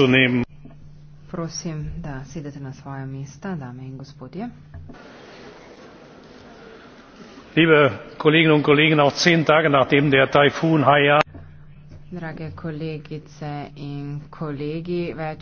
Klemensu Nem. Prosim, da sedete na svoje mesta, dame in gospodje. Liebe Kolleginnen und Kollegen, auch zehn Tage nachdem der Taifun Haiyan Drage kolegice in kolegi, več